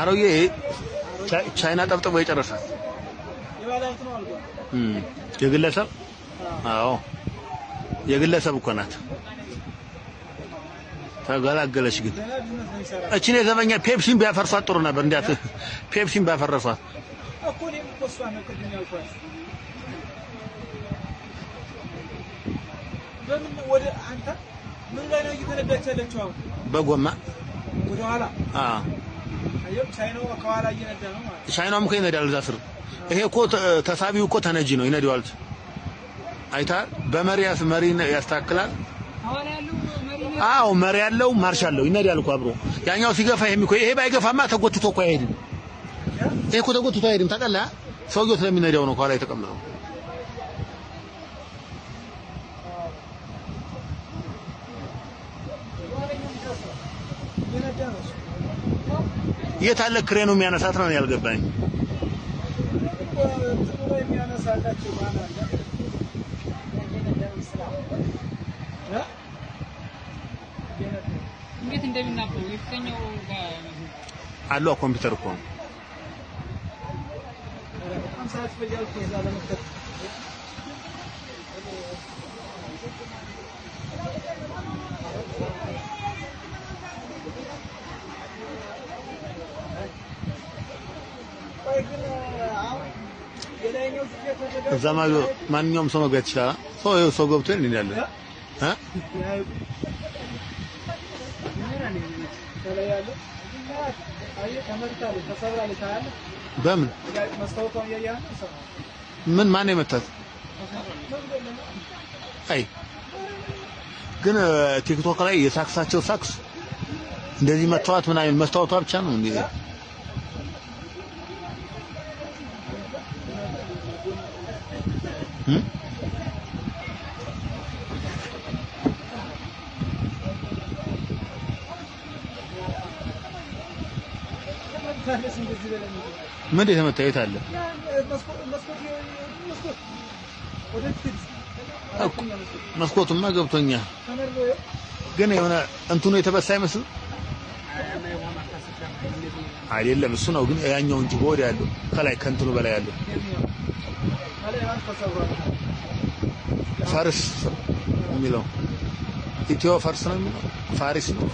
አሮዬ ቻይና ጠብጥቦ የጨረሳል የግለሰብ አዎ የግለሰብ እኮ ናት። ተገላገለች። ግን እችን የዘበኛ ፔፕሲን ቢያፈርሷት ጥሩ ነበር። እንዴት ፔፕሲን ባፈረሷት በጎማ ወደኋላ ቻይናውም እኮ ይነዳል እዛ ስር። ይሄ እኮ ተሳቢው እኮ ተነጂ ነው ይነዳዋል። አይታ በመሪ መሪ ያስተካክላል። አዎ መሪ ያለው ማርሽ አለው ይነዳል እኮ አብሮ። ያኛው ሲገፋ ይሄም እኮ ይሄ ባይገፋማ ተጎትቶ እኮ አይሄድም። ይሄ እኮ ተጎትቶ አይሄድም። ታውቃለህ፣ ሰውየው ስለሚነዳው ነው ከኋላ የተቀመጠው። የት አለ ክሬኑ የሚያነሳት ነው ያልገባኝ። እንዴት ኮምፒውተር እኮ እዛ ማንኛውም ሰው መግባት ይችላል። ሰው ሰው ገብቶ እንሄዳለን። በምን ምን ማን የመታት? አይ ግን ቲክቶክ ላይ የሳክሳቸው ሳክስ እንደዚህ መተዋት ምናምን መስታወቷ ብቻ ነው እንዴ? Hmm? ምን የተመታየት አለ መስኮቱማ ገብቶኛል፣ ግን የሆነ እንትኑ የተበሳ አይመስልም። አይደለም እሱ ነው ግን ያኛው እንጂ ወዲያ ያለው ከላይ ከእንትኑ በላይ ያለው Faris, milo E teu Faris não é Faris não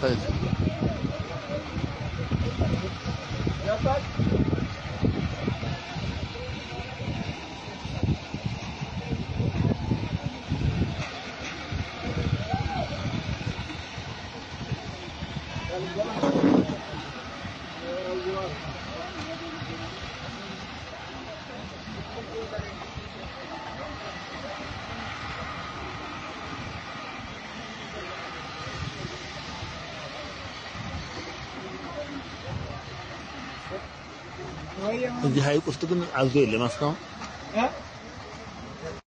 እንዲህ ሀይቅ ውስጥ ግን አዞ የለም እስካሁን